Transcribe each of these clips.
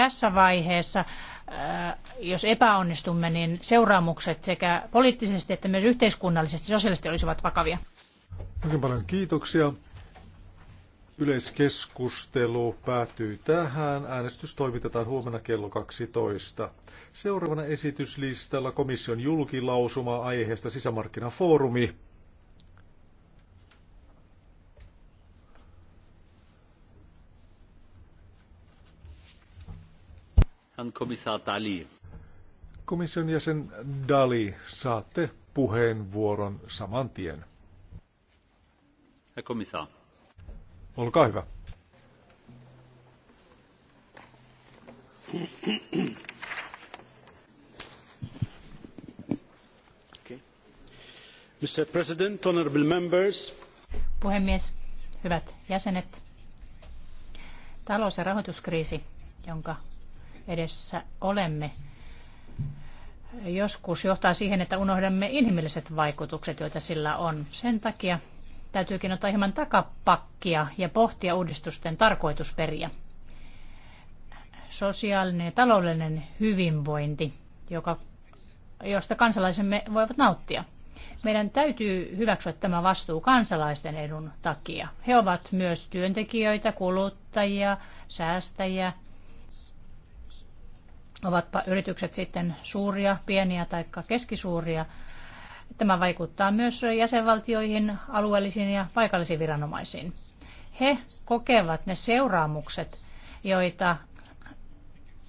tässä vaiheessa, äh, jos epäonnistumme, niin seuraamukset sekä poliittisesti että myös yhteiskunnallisesti sosiaalisesti olisivat vakavia. Oikein paljon kiitoksia. Yleiskeskustelu päätyy tähän. Äänestys toimitetaan huomenna kello 12. Seuraavana esityslistalla komission julkilausuma aiheesta sisämarkkinafoorumi. Komission jäsen Dali, saatte puheenvuoron saman tien. Herr Kommissar. Olkaa hyvä. Mr. President, honorable members. Puhemies, hyvät jäsenet. Talous- ja rahoituskriisi, jonka edessä olemme, joskus johtaa siihen, että unohdamme inhimilliset vaikutukset, joita sillä on. Sen takia täytyykin ottaa hieman takapakkia ja pohtia uudistusten tarkoitusperiä. Sosiaalinen ja taloudellinen hyvinvointi, joka, josta kansalaisemme voivat nauttia. Meidän täytyy hyväksyä tämä vastuu kansalaisten edun takia. He ovat myös työntekijöitä, kuluttajia, säästäjiä, ovatpa yritykset sitten suuria, pieniä tai keskisuuria. Tämä vaikuttaa myös jäsenvaltioihin, alueellisiin ja paikallisiin viranomaisiin. He kokevat ne seuraamukset, joita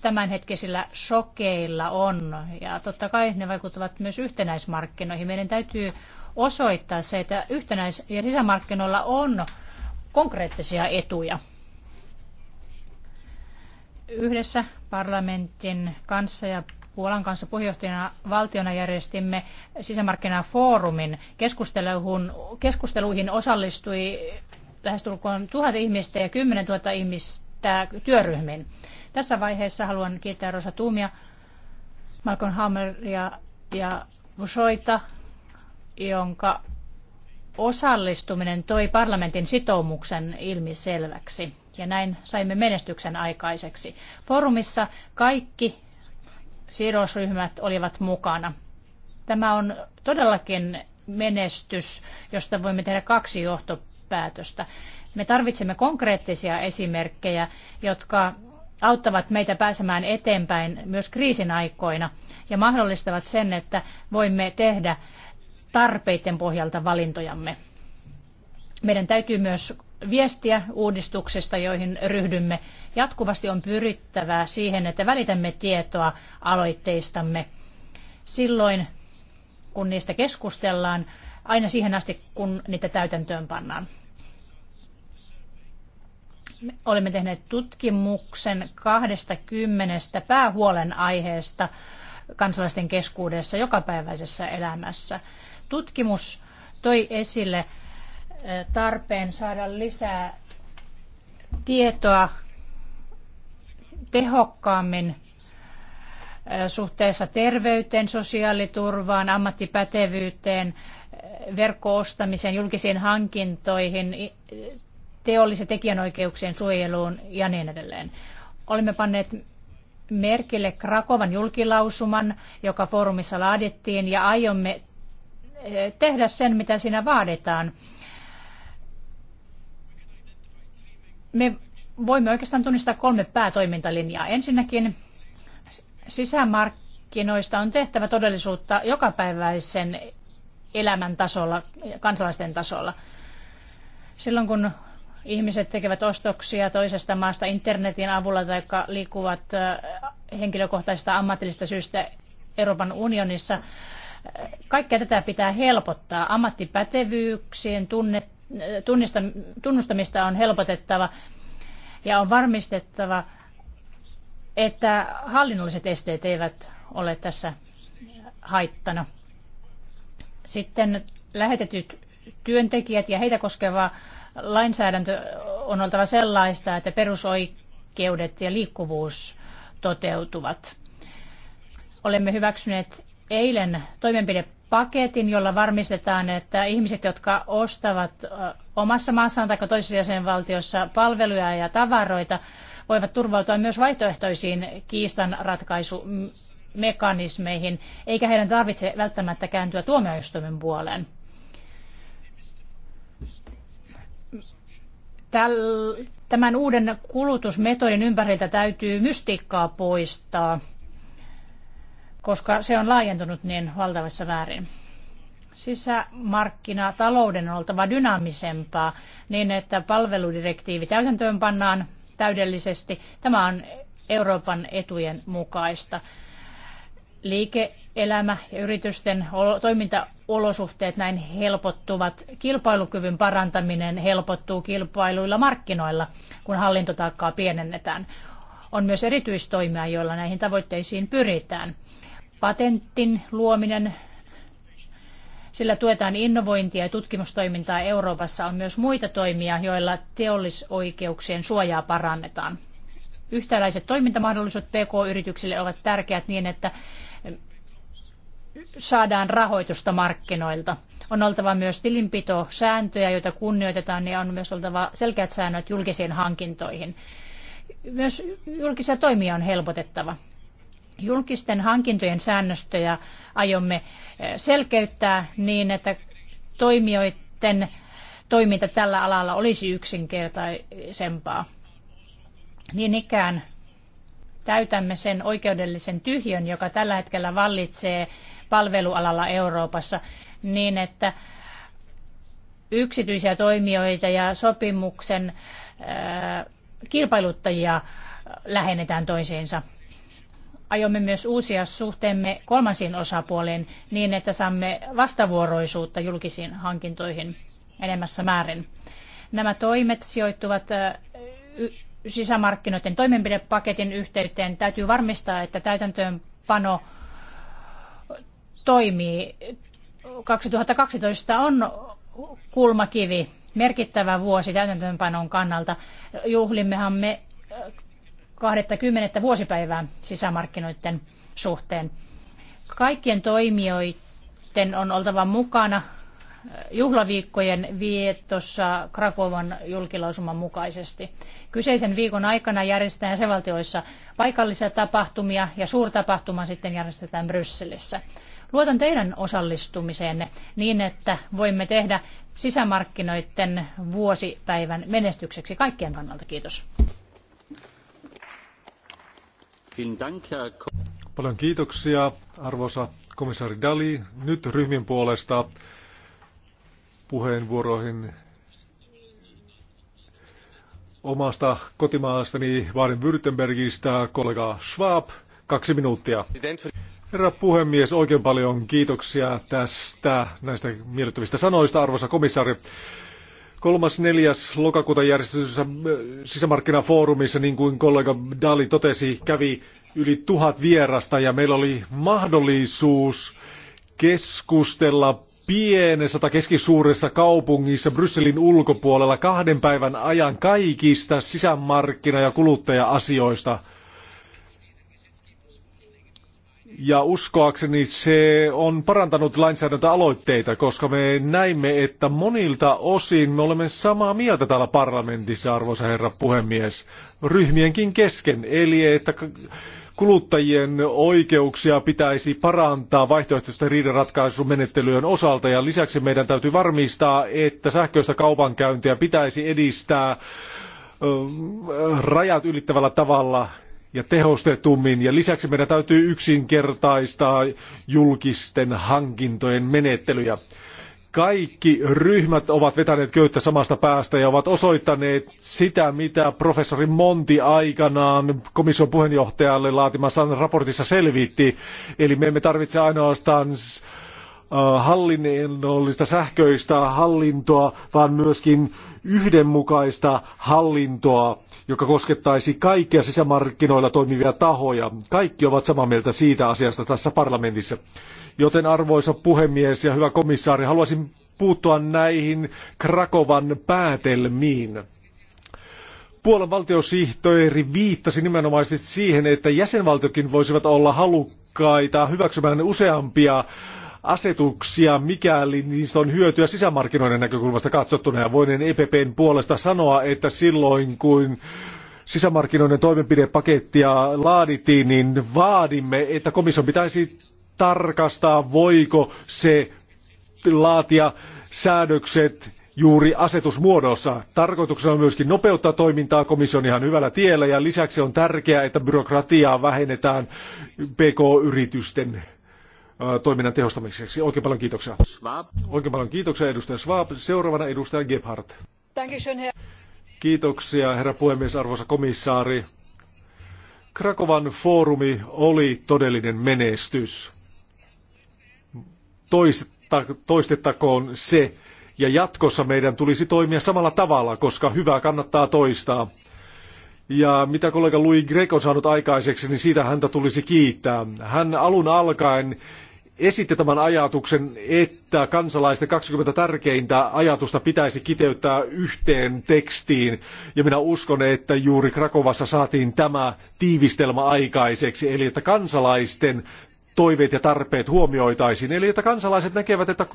tämänhetkisillä sokeilla on. Ja totta kai ne vaikuttavat myös yhtenäismarkkinoihin. Meidän täytyy osoittaa se, että yhtenäis- ja sisämarkkinoilla on konkreettisia etuja. Yhdessä parlamentin kanssa ja Puolan kanssa puheenjohtajana valtiona järjestimme sisämarkkinafoorumin. Keskusteluihin, keskusteluihin osallistui lähestulkoon tuhat ihmistä ja kymmenen tuhatta ihmistä työryhmiin. Tässä vaiheessa haluan kiittää Rosa Tuumia, Malcolm Hammeria ja Vusoita, jonka osallistuminen toi parlamentin sitoumuksen ilmiselväksi ja näin saimme menestyksen aikaiseksi. Forumissa kaikki sidosryhmät olivat mukana. Tämä on todellakin menestys, josta voimme tehdä kaksi johtopäätöstä. Me tarvitsemme konkreettisia esimerkkejä, jotka auttavat meitä pääsemään eteenpäin myös kriisin aikoina ja mahdollistavat sen, että voimme tehdä tarpeiden pohjalta valintojamme. Meidän täytyy myös viestiä uudistuksista, joihin ryhdymme. Jatkuvasti on pyrittävää siihen, että välitämme tietoa aloitteistamme silloin, kun niistä keskustellaan, aina siihen asti, kun niitä täytäntöön pannaan. Me olemme tehneet tutkimuksen 20 päähuolen aiheesta kansalaisten keskuudessa jokapäiväisessä elämässä. Tutkimus toi esille tarpeen saada lisää tietoa tehokkaammin suhteessa terveyteen, sosiaaliturvaan, ammattipätevyyteen, verkkoostamiseen, julkisiin hankintoihin, teollisen tekijänoikeuksien suojeluun ja niin edelleen. Olemme panneet merkille Krakovan julkilausuman, joka foorumissa laadittiin, ja aiomme tehdä sen, mitä siinä vaaditaan. Me voimme oikeastaan tunnistaa kolme päätoimintalinjaa. Ensinnäkin sisämarkkinoista on tehtävä todellisuutta jokapäiväisen elämän tasolla, kansalaisten tasolla. Silloin kun ihmiset tekevät ostoksia toisesta maasta internetin avulla tai liikkuvat henkilökohtaisista ammatillisista syistä Euroopan unionissa, kaikkea tätä pitää helpottaa. Ammattipätevyyksien tunnet, tunnustamista on helpotettava ja on varmistettava, että hallinnolliset esteet eivät ole tässä haittana. Sitten lähetetyt työntekijät ja heitä koskeva lainsäädäntö on oltava sellaista, että perusoikeudet ja liikkuvuus toteutuvat. Olemme hyväksyneet eilen toimenpide paketin, jolla varmistetaan, että ihmiset, jotka ostavat omassa maassaan tai toisessa jäsenvaltiossa palveluja ja tavaroita, voivat turvautua myös vaihtoehtoisiin kiistanratkaisumekanismeihin, eikä heidän tarvitse välttämättä kääntyä tuomioistuimen puoleen. Tämän uuden kulutusmetodin ympäriltä täytyy mystiikkaa poistaa – koska se on laajentunut niin valtavassa väärin. Sisämarkkinatalouden on oltava dynaamisempaa niin, että palveludirektiivi täytäntöön pannaan täydellisesti. Tämä on Euroopan etujen mukaista. Liike-elämä ja yritysten toimintaolosuhteet näin helpottuvat. Kilpailukyvyn parantaminen helpottuu kilpailuilla markkinoilla, kun hallintotaakkaa pienennetään. On myös erityistoimia, joilla näihin tavoitteisiin pyritään patentin luominen, sillä tuetaan innovointia ja tutkimustoimintaa Euroopassa, on myös muita toimia, joilla teollisoikeuksien suojaa parannetaan. Yhtäläiset toimintamahdollisuudet PK-yrityksille ovat tärkeät niin, että saadaan rahoitusta markkinoilta. On oltava myös tilinpitosääntöjä, joita kunnioitetaan, ja on myös oltava selkeät säännöt julkisiin hankintoihin. Myös julkisia toimia on helpotettava. Julkisten hankintojen säännöstöjä aiomme eh, selkeyttää niin, että toimijoiden toiminta tällä alalla olisi yksinkertaisempaa. Niin ikään täytämme sen oikeudellisen tyhjön, joka tällä hetkellä vallitsee palvelualalla Euroopassa, niin että yksityisiä toimijoita ja sopimuksen eh, kilpailuttajia lähennetään toisiinsa aiomme myös uusia suhteemme kolmansiin osapuoliin niin, että saamme vastavuoroisuutta julkisiin hankintoihin enemmässä määrin. Nämä toimet sijoittuvat sisämarkkinoiden toimenpidepaketin yhteyteen. Täytyy varmistaa, että täytäntöönpano toimii. 2012 on kulmakivi, merkittävä vuosi täytäntöönpanon kannalta. Juhlimmehan me 20. vuosipäivää sisämarkkinoiden suhteen. Kaikkien toimijoiden on oltava mukana juhlaviikkojen vietossa Krakovan julkilausuman mukaisesti. Kyseisen viikon aikana järjestetään jäsenvaltioissa paikallisia tapahtumia ja suurtapahtuma sitten järjestetään Brysselissä. Luotan teidän osallistumiseenne niin, että voimme tehdä sisämarkkinoiden vuosipäivän menestykseksi kaikkien kannalta. Kiitos. Paljon kiitoksia, arvoisa komissaari Dali. Nyt ryhmien puolesta puheenvuoroihin omasta kotimaastani Baden-Württembergistä kollega Schwab. Kaksi minuuttia. Herra puhemies, oikein paljon kiitoksia tästä näistä miellyttävistä sanoista, arvoisa komissaari. Kolmas neljäs lokakuuta järjestetyssä äh, sisämarkkinafoorumissa, niin kuin kollega Dali totesi, kävi yli tuhat vierasta ja meillä oli mahdollisuus keskustella pienessä tai keskisuuressa kaupungissa Brysselin ulkopuolella kahden päivän ajan kaikista sisämarkkina- ja kuluttaja-asioista – Ja uskoakseni se on parantanut lainsäädäntöaloitteita, koska me näimme, että monilta osin me olemme samaa mieltä täällä parlamentissa, arvoisa herra puhemies, ryhmienkin kesken. Eli että kuluttajien oikeuksia pitäisi parantaa vaihtoehtoisten riidanratkaisumenettelyjen osalta ja lisäksi meidän täytyy varmistaa, että sähköistä kaupankäyntiä pitäisi edistää rajat ylittävällä tavalla ja tehostetummin. Ja lisäksi meidän täytyy yksinkertaistaa julkisten hankintojen menettelyjä. Kaikki ryhmät ovat vetäneet köyttä samasta päästä ja ovat osoittaneet sitä, mitä professori Monti aikanaan komission puheenjohtajalle laatimassaan raportissa selvitti. Eli me emme tarvitse ainoastaan hallinnollista sähköistä hallintoa, vaan myöskin yhdenmukaista hallintoa, joka koskettaisi kaikkia sisämarkkinoilla toimivia tahoja. Kaikki ovat samaa mieltä siitä asiasta tässä parlamentissa. Joten arvoisa puhemies ja hyvä komissaari, haluaisin puuttua näihin Krakovan päätelmiin. Puolan valtiosihteeri viittasi nimenomaisesti siihen, että jäsenvaltiokin voisivat olla halukkaita hyväksymään useampia äh, asetuksia, mikäli niistä on hyötyä sisämarkkinoiden näkökulmasta katsottuna. Ja voinen EPPn puolesta sanoa, että silloin kun sisämarkkinoiden toimenpidepakettia laadittiin, niin vaadimme, että komission pitäisi tarkastaa, voiko se laatia säädökset juuri asetusmuodossa. Tarkoituksena on myöskin nopeuttaa toimintaa komission ihan hyvällä tiellä ja lisäksi on tärkeää, että byrokratiaa vähennetään PK-yritysten Äh, toiminnan tehostamiseksi. Oikein paljon kiitoksia. Schwab. Oikein paljon kiitoksia edustaja Schwab. Seuraavana edustaja Gebhardt. Kiitoksia herra puhemies, arvoisa komissaari. Krakovan foorumi oli todellinen menestys. Toistettakoon se, ja jatkossa meidän tulisi toimia samalla tavalla, koska hyvää kannattaa toistaa. Ja mitä kollega Louis Greco on saanut aikaiseksi, niin siitä häntä tulisi kiittää. Hän alun alkaen esitti tämän ajatuksen, että kansalaisten 20 tärkeintä ajatusta pitäisi kiteyttää yhteen tekstiin. Ja minä uskon, että juuri Krakovassa saatiin tämä tiivistelmä aikaiseksi, eli että kansalaisten toiveet ja tarpeet huomioitaisiin. Eli että kansalaiset näkevät, että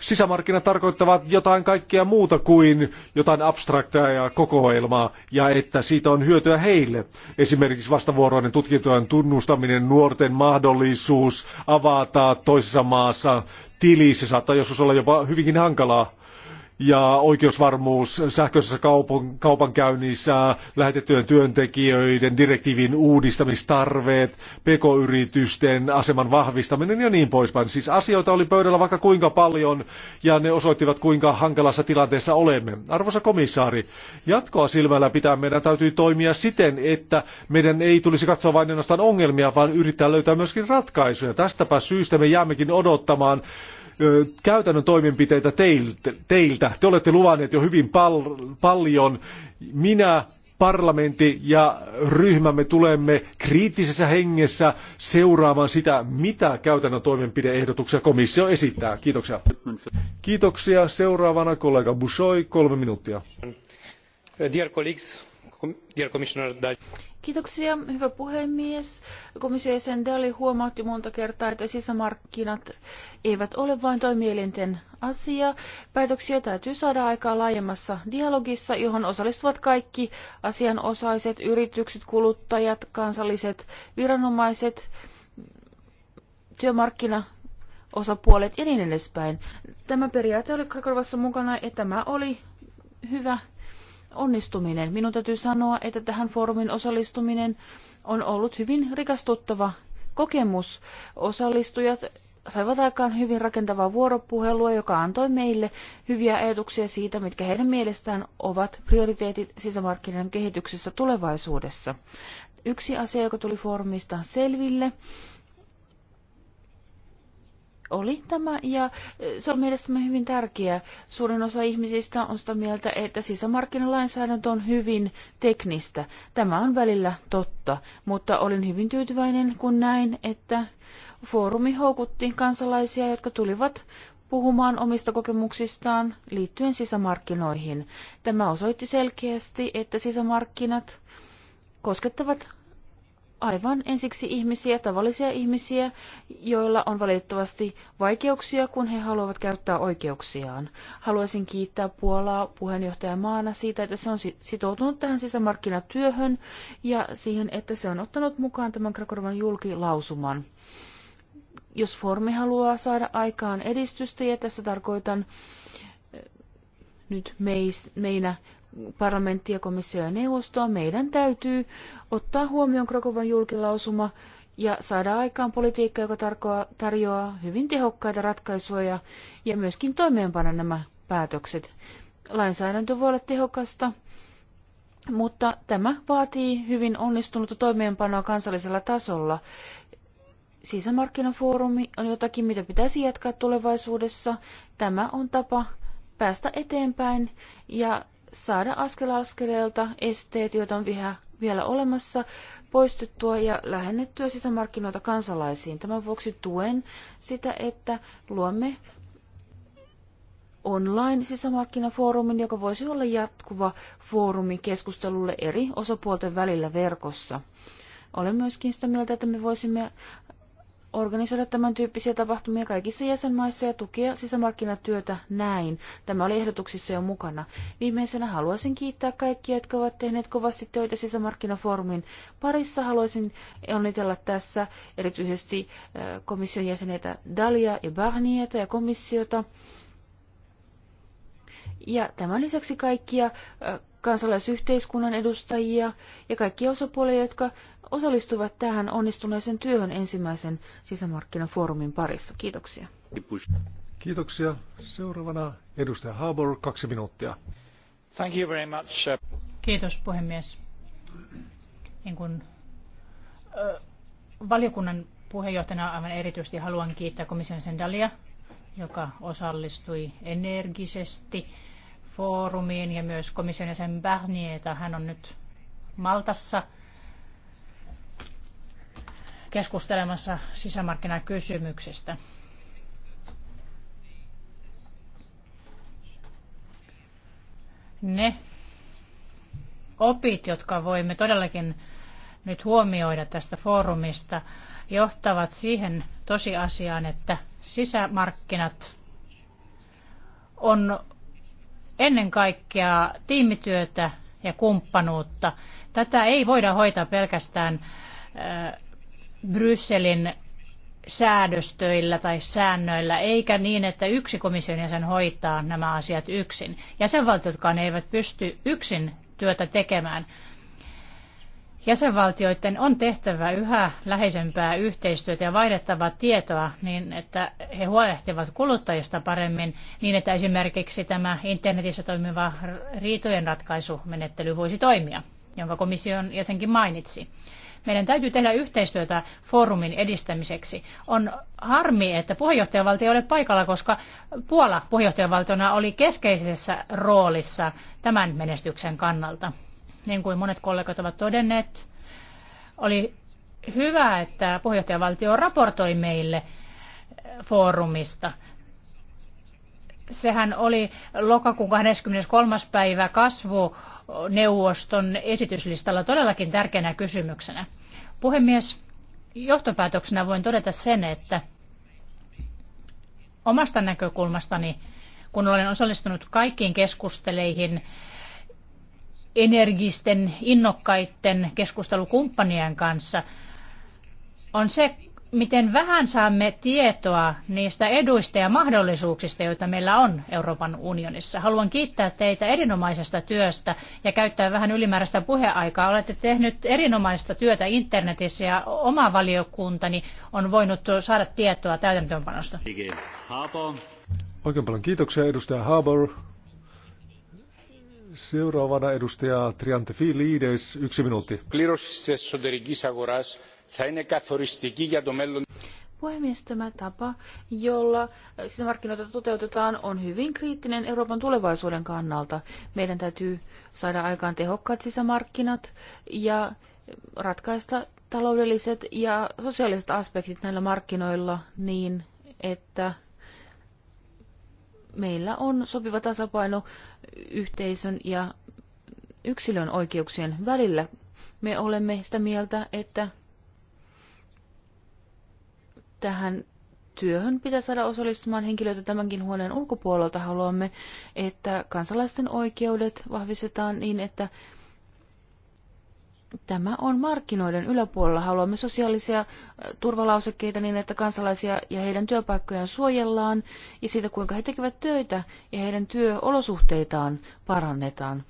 sisämarkkinat tarkoittavat jotain kaikkea muuta kuin jotain abstraktia ja kokoelmaa, ja että siitä on hyötyä heille. Esimerkiksi vastavuoroinen tutkintojen tunnustaminen, nuorten mahdollisuus avata toisessa maassa tili, se saattaa joskus olla jopa hyvinkin hankalaa ja oikeusvarmuus sähköisessä kaupankäynnissä, lähetettyjen työntekijöiden, direktiivin uudistamistarveet, pk-yritysten aseman vahvistaminen ja niin poispäin. Siis asioita oli pöydällä vaikka kuinka paljon ja ne osoittivat kuinka hankalassa tilanteessa olemme. Arvoisa komissaari, jatkoa silmällä pitää meidän täytyy toimia siten, että meidän ei tulisi katsoa vain ainoastaan ongelmia, vaan yrittää löytää myöskin ratkaisuja. Tästäpä syystä me jäämmekin odottamaan käytännön toimenpiteitä teiltä. Te olette luvanneet jo hyvin pal paljon. Minä, parlamentti ja ryhmämme tulemme kriittisessä hengessä seuraamaan sitä, mitä käytännön toimenpideehdotuksia komissio esittää. Kiitoksia. Kiitoksia. Seuraavana kollega Bushoi, kolme minuuttia. Dear colleagues, dear commissioner, Kiitoksia, hyvä puhemies. komissio jäsen Dali huomautti monta kertaa, että sisämarkkinat eivät ole vain toimielinten asia. Päätöksiä täytyy saada aikaa laajemmassa dialogissa, johon osallistuvat kaikki asianosaiset, yritykset, kuluttajat, kansalliset viranomaiset, työmarkkina osapuolet ja niin edespäin. Tämä periaate oli Krakorvassa mukana ja tämä oli hyvä onnistuminen. Minun täytyy sanoa, että tähän foorumin osallistuminen on ollut hyvin rikastuttava kokemus. Osallistujat saivat aikaan hyvin rakentavaa vuoropuhelua, joka antoi meille hyviä ajatuksia siitä, mitkä heidän mielestään ovat prioriteetit sisämarkkinoiden kehityksessä tulevaisuudessa. Yksi asia, joka tuli foorumista selville, oli tämä, ja e, se on mielestäni hyvin tärkeä. Suurin osa ihmisistä on sitä mieltä, että sisämarkkinalainsäädäntö on hyvin teknistä. Tämä on välillä totta, mutta olin hyvin tyytyväinen, kun näin, että foorumi houkutti kansalaisia, jotka tulivat puhumaan omista kokemuksistaan liittyen sisämarkkinoihin. Tämä osoitti selkeästi, että sisämarkkinat koskettavat aivan ensiksi ihmisiä, tavallisia ihmisiä, joilla on valitettavasti vaikeuksia, kun he haluavat käyttää oikeuksiaan. Haluaisin kiittää Puolaa puheenjohtajamaana siitä, että se on sitoutunut tähän sisämarkkinatyöhön ja siihen, että se on ottanut mukaan tämän Krakorvan julkilausuman. Jos formi haluaa saada aikaan edistystä, ja tässä tarkoitan eh, nyt meis, meinä parlamenttia, komissio ja neuvostoa, meidän täytyy ottaa huomioon Krakovan julkilausuma ja saada aikaan politiikka, joka tarjoaa hyvin tehokkaita ratkaisuja ja myöskin toimeenpana nämä päätökset. Lainsäädäntö voi olla tehokasta, mutta tämä vaatii hyvin onnistunutta toimeenpanoa kansallisella tasolla. Sisämarkkinafoorumi on jotakin, mitä pitäisi jatkaa tulevaisuudessa. Tämä on tapa päästä eteenpäin ja saada askel askeleelta esteet, joita on vielä olemassa, poistettua ja lähennettyä sisämarkkinoita kansalaisiin. Tämän vuoksi tuen sitä, että luomme online-sisämarkkinafoorumin, joka voisi olla jatkuva foorumi keskustelulle eri osapuolten välillä verkossa. Olen myöskin sitä mieltä, että me voisimme organisoida tämän tyyppisiä tapahtumia kaikissa jäsenmaissa ja tukea sisämarkkinatyötä näin. Tämä oli ehdotuksissa jo mukana. Viimeisenä haluaisin kiittää kaikkia, jotka ovat tehneet kovasti töitä sisämarkkinafoorumin parissa. Haluaisin onnitella tässä erityisesti komission jäseneitä Dalia ja Barnieta ja komissiota. Ja tämän lisäksi kaikkia kansalaisyhteiskunnan edustajia ja kaikkia osapuolia, jotka osallistuvat tähän onnistuneeseen työhön ensimmäisen sisämarkkinafoorumin parissa. Kiitoksia. Kiitoksia. Seuraavana edustaja Harbour, kaksi minuuttia. Thank you very much. Uh, Kiitos puhemies. Niin kun, äh, valiokunnan puheenjohtajana aivan erityisesti haluan kiittää komission sen Dalia, joka osallistui energisesti foorumiin ja myös komission jäsen Barnieta. Hän on nyt Maltassa – keskustelemassa sisämarkkinakysymyksistä. Ne opit, jotka voimme todellakin nyt huomioida tästä foorumista, johtavat siihen tosiasiaan, että sisämarkkinat on ennen kaikkea tiimityötä ja kumppanuutta. Tätä ei voida hoitaa pelkästään Brysselin säädöstöillä tai säännöillä, eikä niin, että yksi komission jäsen hoitaa nämä asiat yksin. Jäsenvaltiotkaan eivät pysty yksin työtä tekemään. Jäsenvaltioiden on tehtävä yhä läheisempää yhteistyötä ja vaihdettava tietoa niin, että he huolehtivat kuluttajista paremmin niin, että esimerkiksi tämä internetissä toimiva riitojen ratkaisumenettely voisi toimia, jonka komission jäsenkin mainitsi. Meidän täytyy tehdä yhteistyötä foorumin edistämiseksi. On harmi, että puheenjohtajavaltio ei ole paikalla, koska Puola puheenjohtajavaltiona oli keskeisessä roolissa tämän menestyksen kannalta. Niin kuin monet kollegat ovat todenneet, oli hyvä, että puheenjohtajavaltio raportoi meille foorumista sehän oli lokakuun 23. päivä kasvu neuvoston esityslistalla todellakin tärkeänä kysymyksenä. Puhemies, johtopäätöksenä voin todeta sen, että omasta näkökulmastani, kun olen osallistunut kaikkiin keskusteleihin energisten, innokkaiden keskustelukumppanien kanssa, on se miten vähän saamme tietoa niistä eduista ja mahdollisuuksista, joita meillä on Euroopan unionissa. Haluan kiittää teitä erinomaisesta työstä ja käyttää vähän ylimääräistä puheaikaa. Olette tehnyt erinomaista työtä internetissä ja oma valiokuntani on voinut saada tietoa täytäntöönpanosta. Oikein paljon kiitoksia edustaja Haber. Seuraavana edustaja Triante Filides, yksi minuutti θα είναι καθοριστική για το μέλλον. Puhemies, tämä tapa, jolla sisämarkkinoita toteutetaan, on hyvin kriittinen Euroopan tulevaisuuden kannalta. Meidän täytyy saada aikaan tehokkaat sisämarkkinat ja ratkaista taloudelliset ja sosiaaliset aspektit näillä markkinoilla niin, että meillä on sopiva tasapaino yhteisön ja yksilön oikeuksien välillä. Me olemme sitä mieltä, että tähän työhön pitää saada osallistumaan henkilöitä tämänkin huoneen ulkopuolelta. Haluamme, että kansalaisten oikeudet vahvistetaan niin, että tämä on markkinoiden yläpuolella. Haluamme sosiaalisia äh, turvalausekkeita niin, että kansalaisia ja heidän työpaikkojaan suojellaan ja siitä, kuinka he tekevät töitä ja heidän työolosuhteitaan parannetaan.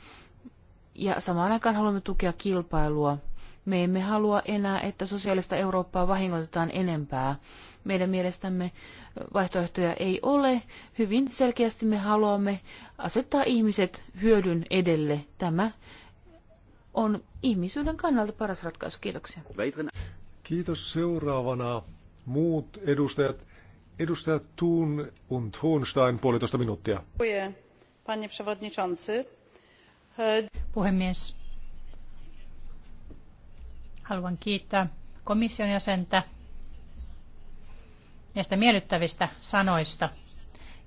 Ja samaan aikaan haluamme tukea kilpailua me emme halua enää, että sosiaalista Eurooppaa vahingoitetaan enempää. Meidän mielestämme vaihtoehtoja ei ole. Hyvin selkeästi me haluamme asettaa ihmiset hyödyn edelle. Tämä on ihmisyyden kannalta paras ratkaisu. Kiitoksia. Kiitos seuraavana. Muut edustajat. Edustaja Thun und Thunstein, puolitoista minuuttia. Puhemies, Haluan kiittää komission jäsentä näistä miellyttävistä sanoista,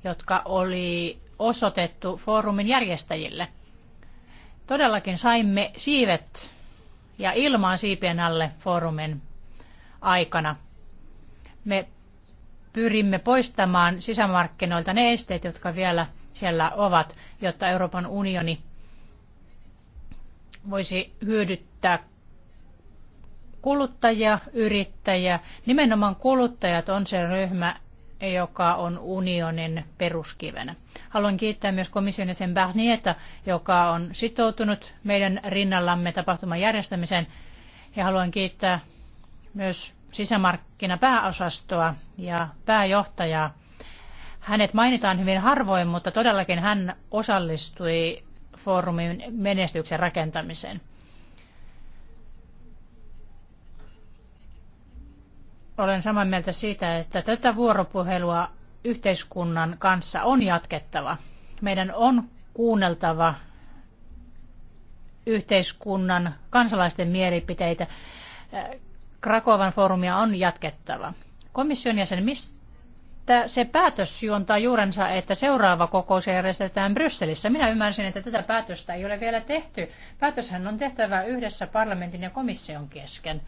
jotka oli osoitettu foorumin järjestäjille. Todellakin saimme siivet ja ilmaa siipien alle foorumin aikana. Me pyrimme poistamaan sisämarkkinoilta ne esteet, jotka vielä siellä ovat, jotta Euroopan unioni voisi hyödyttää Kuluttaja, yrittäjä, nimenomaan kuluttajat on se ryhmä, joka on unionin peruskivenä. Haluan kiittää myös komission jäsen Barnieta, joka on sitoutunut meidän rinnallamme tapahtuman järjestämiseen. Ja haluan kiittää myös sisämarkkinapääosastoa ja pääjohtajaa. Hänet mainitaan hyvin harvoin, mutta todellakin hän osallistui foorumin menestyksen rakentamiseen. Olen samaa mieltä siitä, että tätä vuoropuhelua yhteiskunnan kanssa on jatkettava. Meidän on kuunneltava yhteiskunnan kansalaisten mielipiteitä. Krakovan foorumia on jatkettava. Komission jäsen, mistä se päätös juontaa juurensa, että seuraava kokous järjestetään Brysselissä? Minä ymmärsin, että tätä päätöstä ei ole vielä tehty. Päätöshän on tehtävä yhdessä parlamentin ja komission kesken.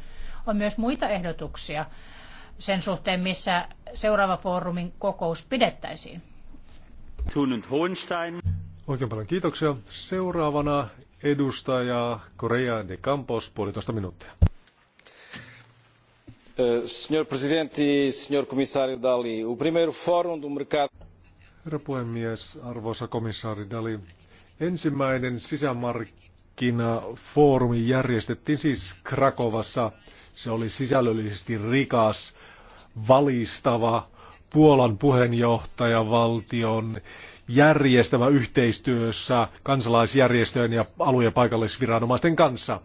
On myös muita ehdotuksia sen suhteen, missä seuraava foorumin kokous pidettäisiin. Oikein paljon kiitoksia. Seuraavana edustaja Korea de Campos, puolitoista minuuttia. Eh, Senhor Presidente, Senhor Comissário Dali, o primeiro fórum do Herra puhemies, arvoisa komissaari Dali, ensimmäinen sisämarkkinafoorumi järjestettiin siis Krakovassa. Se oli sisällöllisesti rikas valistava Puolan puheenjohtajavaltion järjestämä yhteistyössä kansalaisjärjestöjen ja alue- ja paikallisviranomaisten kanssa.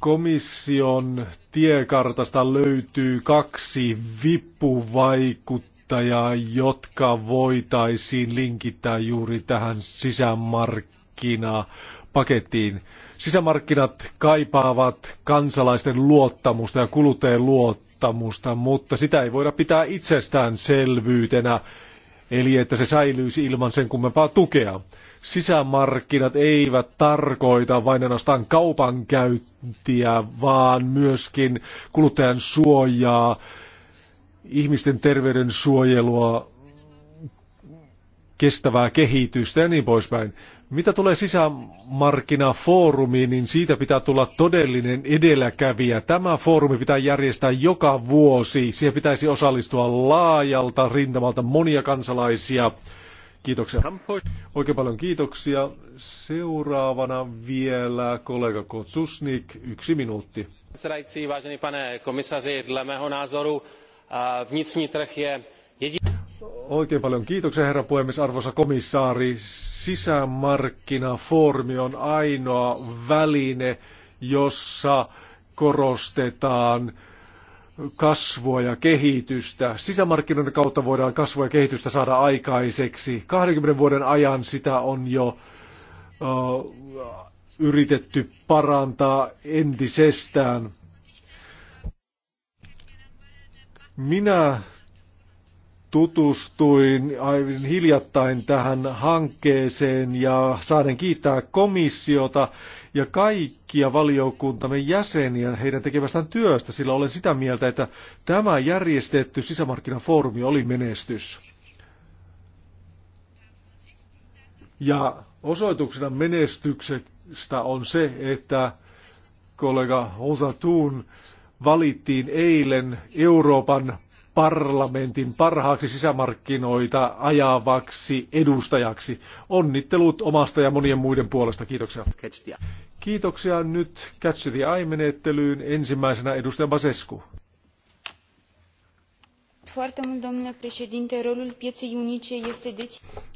Komission tiekartasta löytyy kaksi vippuvaikuttajaa, jotka voitaisiin linkittää juuri tähän sisämarkkinaan pakettiin. Sisämarkkinat kaipaavat kansalaisten luottamusta ja kuluttajien luottamusta, mutta sitä ei voida pitää itsestäänselvyytenä, eli että se säilyisi ilman sen kummempaa tukea. Sisämarkkinat eivät tarkoita vain ainoastaan kaupankäyntiä, vaan myöskin kuluttajan suojaa, ihmisten terveyden suojelua, kestävää kehitystä ja niin poispäin. Mitä tulee sisämarkkinafoorumiin, niin siitä pitää tulla todellinen edelläkävijä. Tämä foorumi pitää järjestää joka vuosi. Siihen pitäisi osallistua laajalta rintamalta monia kansalaisia. Kiitoksia. Oikein paljon kiitoksia. Seuraavana vielä kollega Kotsusnik, yksi minuutti. Předsedající, vážený pane komisaři, dle mého názoru vnitřní trh je jediný... Oikein paljon kiitoksia herra puhemies, arvoisa komissaari. Sisämarkkinafoorumi on ainoa väline, jossa korostetaan kasvua ja kehitystä. Sisämarkkinoiden kautta voidaan kasvua ja kehitystä saada aikaiseksi. 20 vuoden ajan sitä on jo yritetty parantaa entisestään. Minä tutustuin aivan hiljattain tähän hankkeeseen ja saaden kiittää komissiota ja kaikkia valiokuntamme jäseniä heidän tekemästään työstä, sillä olen sitä mieltä, että tämä järjestetty sisämarkkinafoorumi oli menestys. Ja osoituksena menestyksestä on se, että kollega Osatun valittiin eilen Euroopan parlamentin parhaaksi sisämarkkinoita ajavaksi edustajaksi. Onnittelut omasta ja monien muiden puolesta. Kiitoksia. Kiitoksia nyt Catch the Eye-menettelyyn. Ensimmäisenä edustaja Basescu.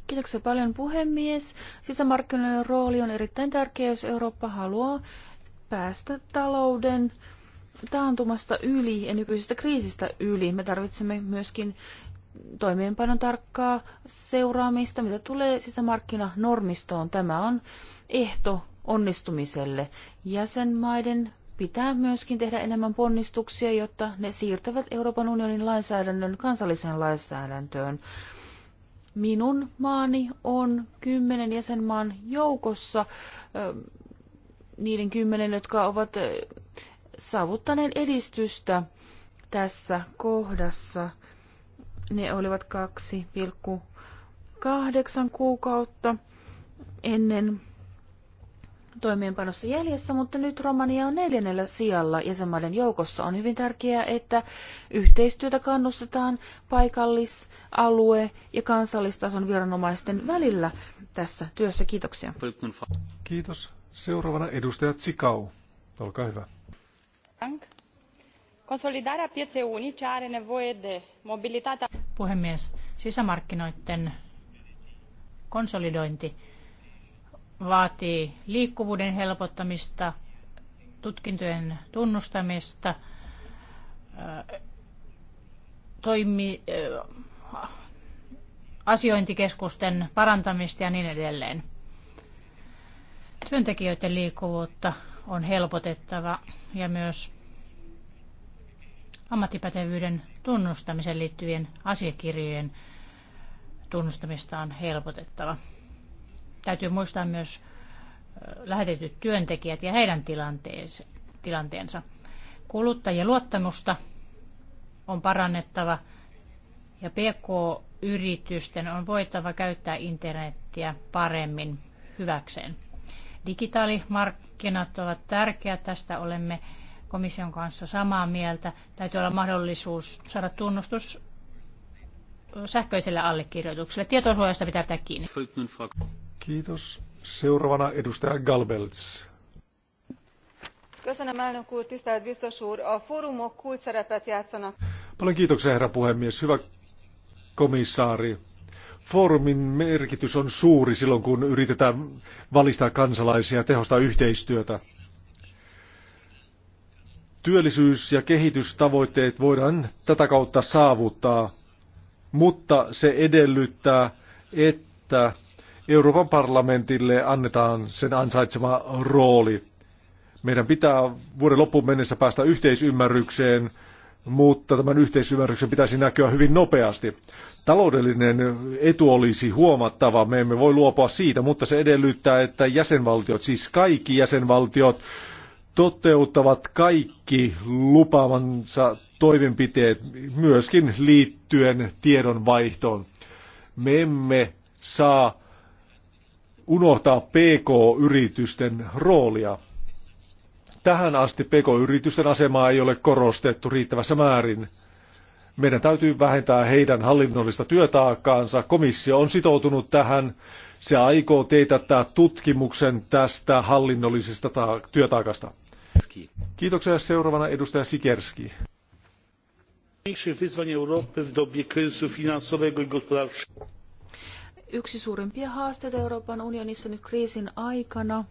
Kiitoksia paljon puhemies. Sisämarkkinoiden rooli on erittäin tärkeä, jos Eurooppa haluaa päästä talouden taantumasta yli ja nykyisestä kriisistä yli. Me tarvitsemme myöskin toimeenpanon tarkkaa seuraamista, mitä tulee sisämarkkinanormistoon. Tämä on ehto onnistumiselle. Jäsenmaiden pitää myöskin tehdä enemmän ponnistuksia, jotta ne siirtävät Euroopan unionin lainsäädännön kansalliseen lainsäädäntöön. Minun maani on kymmenen jäsenmaan joukossa, niiden kymmenen, jotka ovat saavuttaneen edistystä tässä kohdassa. Ne olivat 2,8 kuukautta ennen toimeenpanossa jäljessä, mutta nyt Romania on neljännellä sijalla jäsenmaiden joukossa. On hyvin tärkeää, että yhteistyötä kannustetaan paikallis-, alue- ja kansallistason viranomaisten välillä tässä työssä. Kiitoksia. Kiitos. Seuraavana edustaja Tsikau. Olkaa hyvä. Konsolidarea unice are nevoie de mobilitatea... Puhemies, sisämarkkinoiden konsolidointi vaatii liikkuvuuden helpottamista, tutkintojen tunnustamista, asiointikeskusten parantamista ja niin edelleen. Työntekijöiden liikkuvuutta on helpotettava ja myös ammattipätevyyden tunnustamiseen liittyvien asiakirjojen tunnustamista on helpotettava. Täytyy muistaa myös lähetetyt työntekijät ja heidän tilanteensa. Kuluttajien luottamusta on parannettava ja PK-yritysten on voitava käyttää internettiä paremmin hyväkseen. Digitaalimarkkinat ovat tärkeät, tästä olemme komission kanssa samaa mieltä. Täytyy olla mahdollisuus saada tunnustus sähköiselle allekirjoitukselle. Tietosuojasta pitää pitää kiinni. Kiitos. Seuraavana edustaja Galbelts. Köszönöm, elnök úr, tisztelt biztos úr. A fórumok kult szerepet játszanak. Paljon kiitoksia, herra puhemies. Hyvä komissaari. Foorumin merkitys on suuri silloin, kun yritetään valistaa kansalaisia ja tehostaa yhteistyötä. Työllisyys- ja kehitystavoitteet voidaan tätä kautta saavuttaa, mutta se edellyttää, että Euroopan parlamentille annetaan sen ansaitsema rooli. Meidän pitää vuoden loppuun mennessä päästä yhteisymmärrykseen mutta tämän yhteisymmärryksen pitäisi näkyä hyvin nopeasti. Taloudellinen etu olisi huomattava, me emme voi luopua siitä, mutta se edellyttää, että jäsenvaltiot, siis kaikki jäsenvaltiot, toteuttavat kaikki lupaamansa toimenpiteet myöskin liittyen tiedonvaihtoon. Me emme saa unohtaa PK-yritysten roolia. Tähän asti pk-yritysten asemaa ei ole korostettu riittävässä määrin. Meidän täytyy vähentää heidän hallinnollista työtaakkaansa. Komissio on sitoutunut tähän. Se aikoo teetättää tutkimuksen tästä hallinnollisesta työtaakasta. Kiitoksia. Seuraavana edustaja Sikerski. Yksi suurimpia haasteita Euroopan unionissa nyt kriisin aikana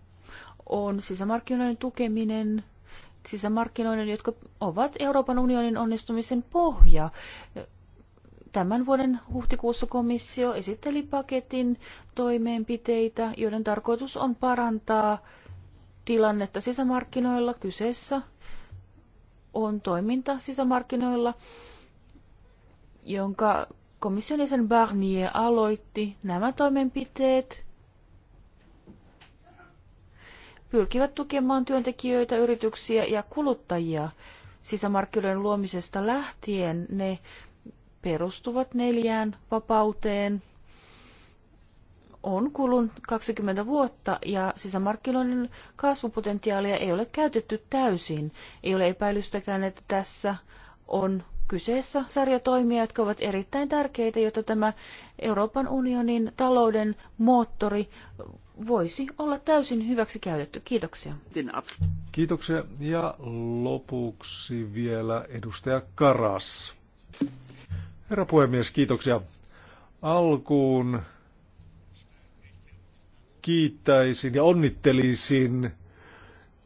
on sisämarkkinoiden tukeminen, sisämarkkinoiden, jotka ovat Euroopan unionin onnistumisen pohja. Tämän vuoden huhtikuussa komissio esitteli paketin toimeenpiteitä, joiden tarkoitus on parantaa tilannetta sisämarkkinoilla. Kyseessä on toiminta sisämarkkinoilla, jonka komission jäsen Barnier aloitti. Nämä toimenpiteet pyrkivät tukemaan työntekijöitä, yrityksiä ja kuluttajia. Sisämarkkinoiden luomisesta lähtien ne perustuvat neljään vapauteen. On kulun 20 vuotta ja sisämarkkinoiden kasvupotentiaalia ei ole käytetty täysin. Ei ole epäilystäkään, että tässä on kyseessä sarjatoimia, jotka ovat erittäin tärkeitä, jotta tämä Euroopan unionin talouden moottori voisi olla täysin hyväksi käytetty. Kiitoksia. Kiitoksia. Ja lopuksi vielä edustaja Karas. Herra puhemies, kiitoksia. Alkuun kiittäisin ja onnittelisin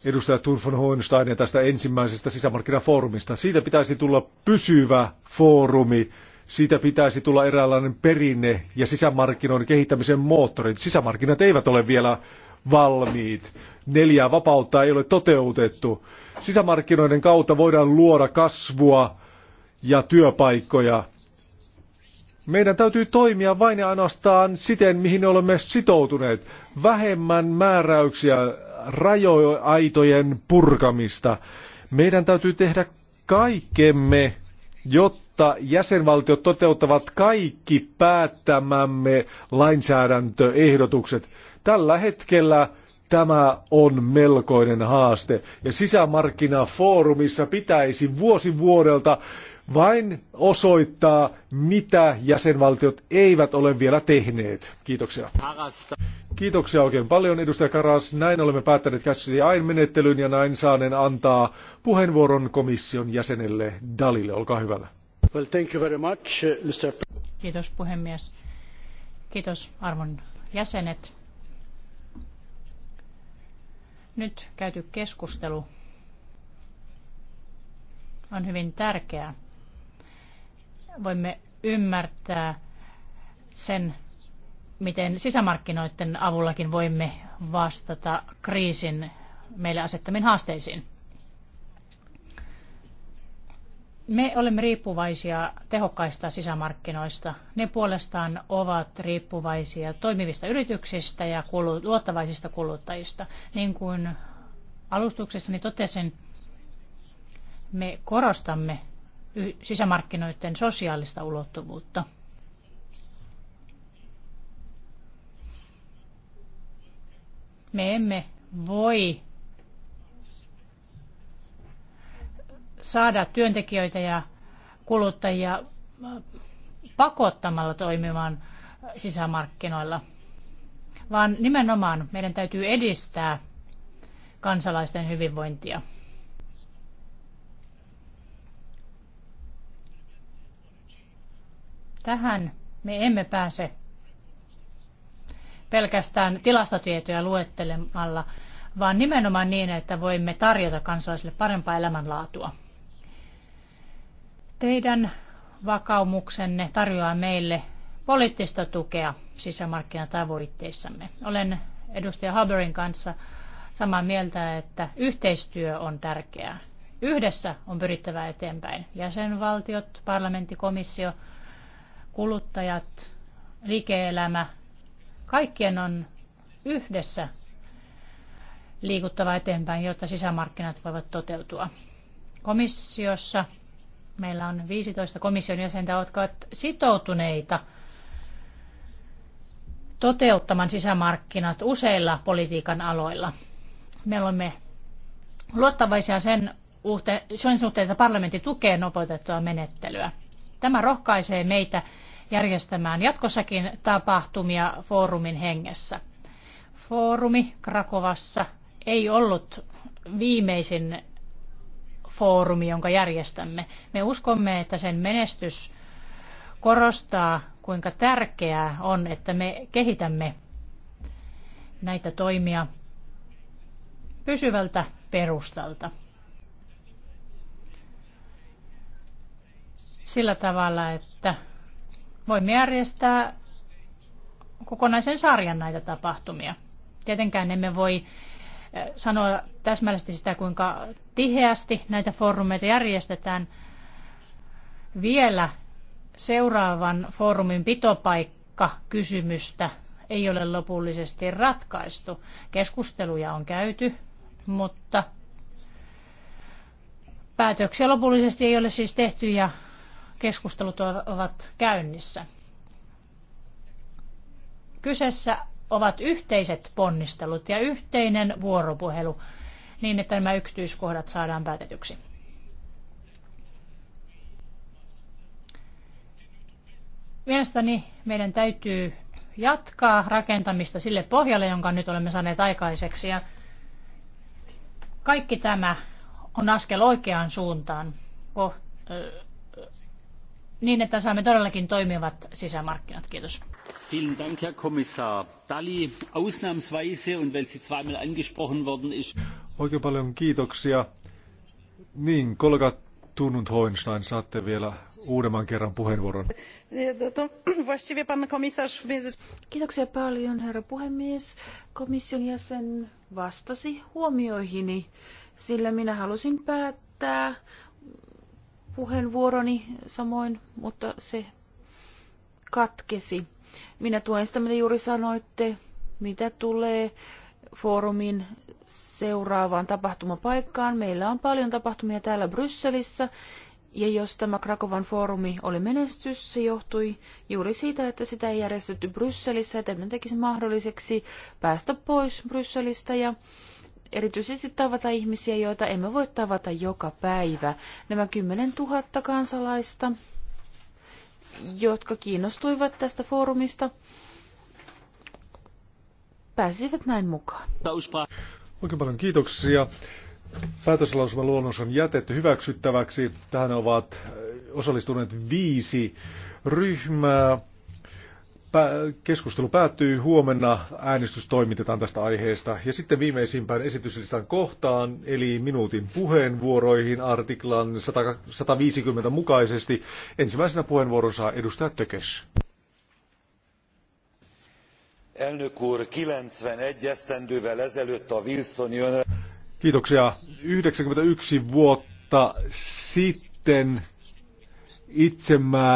edustaja Turfon Hohensteinia tästä ensimmäisestä sisämarkkinafoorumista. Siitä pitäisi tulla pysyvä foorumi siitä pitäisi tulla eräänlainen perinne ja sisämarkkinoiden kehittämisen moottori. Sisämarkkinat eivät ole vielä valmiit. Neljää vapautta ei ole toteutettu. Sisämarkkinoiden kautta voidaan luoda kasvua ja työpaikkoja. Meidän täytyy toimia vain ja ainoastaan siten, mihin olemme sitoutuneet. Vähemmän määräyksiä, rajoaitojen purkamista. Meidän täytyy tehdä kaikkemme jotta jäsenvaltiot toteuttavat kaikki päättämämme lainsäädäntöehdotukset. Tällä hetkellä tämä on melkoinen haaste. Ja sisämarkkinafoorumissa pitäisi vuosi vuodelta vain osoittaa, mitä jäsenvaltiot eivät ole vielä tehneet. Kiitoksia. Kiitoksia oikein paljon, edustaja Karas. Näin olemme päättäneet ain menettelyn ja näin saanen antaa puheenvuoron komission jäsenelle Dalille. Olkaa hyvällä. Well, thank you very much, uh, Mr. Kiitos puhemies. Kiitos arvon jäsenet. Nyt käyty keskustelu on hyvin tärkeää. Voimme ymmärtää sen miten sisämarkkinoiden avullakin voimme vastata kriisin meille asettamiin haasteisiin. Me olemme riippuvaisia tehokkaista sisämarkkinoista. Ne puolestaan ovat riippuvaisia toimivista yrityksistä ja luottavaisista kuluttajista. Niin kuin alustuksessani totesin, me korostamme sisämarkkinoiden sosiaalista ulottuvuutta – Me emme voi saada työntekijöitä ja kuluttajia pakottamalla toimimaan sisämarkkinoilla, vaan nimenomaan meidän täytyy edistää kansalaisten hyvinvointia. Tähän me emme pääse pelkästään tilastotietoja luettelemalla, vaan nimenomaan niin, että voimme tarjota kansalaisille parempaa elämänlaatua. Teidän vakaumuksenne tarjoaa meille poliittista tukea sisämarkkinatavoitteissamme. Olen edustaja Haberin kanssa samaa mieltä, että yhteistyö on tärkeää. Yhdessä on pyrittävä eteenpäin. Jäsenvaltiot, parlamentti, komissio, kuluttajat, liike-elämä, Kaikkien on yhdessä liikuttava eteenpäin, jotta sisämarkkinat voivat toteutua. Komissiossa meillä on 15 komission jäsentä, jotka ovat sitoutuneita toteuttamaan sisämarkkinat useilla politiikan aloilla. Me olemme luottavaisia sen, uhte, sen suhteen, että parlamentti tukee nopeutettua menettelyä. Tämä rohkaisee meitä järjestämään jatkossakin tapahtumia foorumin hengessä. Foorumi Krakovassa ei ollut viimeisin foorumi, jonka järjestämme. Me uskomme, että sen menestys korostaa, kuinka tärkeää on, että me kehitämme näitä toimia pysyvältä perustalta. Sillä tavalla, että Voimme järjestää kokonaisen sarjan näitä tapahtumia. Tietenkään emme voi eh, sanoa täsmällisesti sitä, kuinka tiheästi näitä foorumeita järjestetään. Vielä seuraavan foorumin pitopaikka kysymystä ei ole lopullisesti ratkaistu. Keskusteluja on käyty, mutta päätöksiä lopullisesti ei ole siis tehty ja keskustelut ovat käynnissä. Kyseessä ovat yhteiset ponnistelut ja yhteinen vuoropuhelu niin, että nämä yksityiskohdat saadaan päätetyksi. Mielestäni meidän täytyy jatkaa rakentamista sille pohjalle, jonka nyt olemme saaneet aikaiseksi. Ja kaikki tämä on askel oikeaan suuntaan niin, että saamme todellakin toimivat sisämarkkinat. Kiitos. Vielen Dank, Herr Kommissar Dalli. Ausnahmsweise und weil sie zweimal angesprochen worden ist. Oikein paljon kiitoksia. Niin, kollega Tunnund Hoinstein, saatte vielä uudemman kerran puheenvuoron. Kiitoksia paljon, herra puhemies. Komission jäsen vastasi huomioihini, sillä minä halusin päättää puheenvuoroni samoin, mutta se katkesi. Minä tuen sitä, mitä juuri sanoitte, mitä tulee foorumin seuraavaan tapahtumapaikkaan. Meillä on paljon tapahtumia täällä Brysselissä, ja jos tämä Krakovan foorumi oli menestys, se johtui juuri siitä, että sitä ei järjestetty Brysselissä, että me tekisi mahdolliseksi päästä pois Brysselistä ja erityisesti tavata ihmisiä, joita emme voi tavata joka päivä. Nämä 10 000 kansalaista, jotka kiinnostuivat tästä foorumista, pääsivät näin mukaan. Oikein paljon kiitoksia. Päätöslausuma luonnos on jätetty hyväksyttäväksi. Tähän ovat osallistuneet viisi ryhmää keskustelu päättyy. Huomenna äänestys toimitetaan tästä aiheesta. Ja sitten viimeisimpään esityslistan kohtaan, eli minuutin puheenvuoroihin artiklan 150 mukaisesti. Ensimmäisenä puheenvuoron saa edustaja Tökes. Elnök úr, 91 esztendővel ezelőtt a Kiitoksia. 91 vuotta sitten itsemäärä